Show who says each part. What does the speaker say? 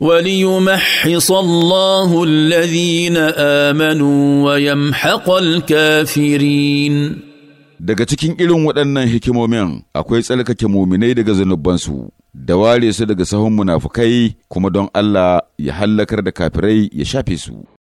Speaker 1: وليمحص الله الذين آمنوا
Speaker 2: ويمحق الكافرين daga cikin irin waɗannan hikimomin akwai tsarkake muminai daga zunubansu da ware su daga sahun munafukai kuma don Allah ya hallakar da kafirai ya shafe su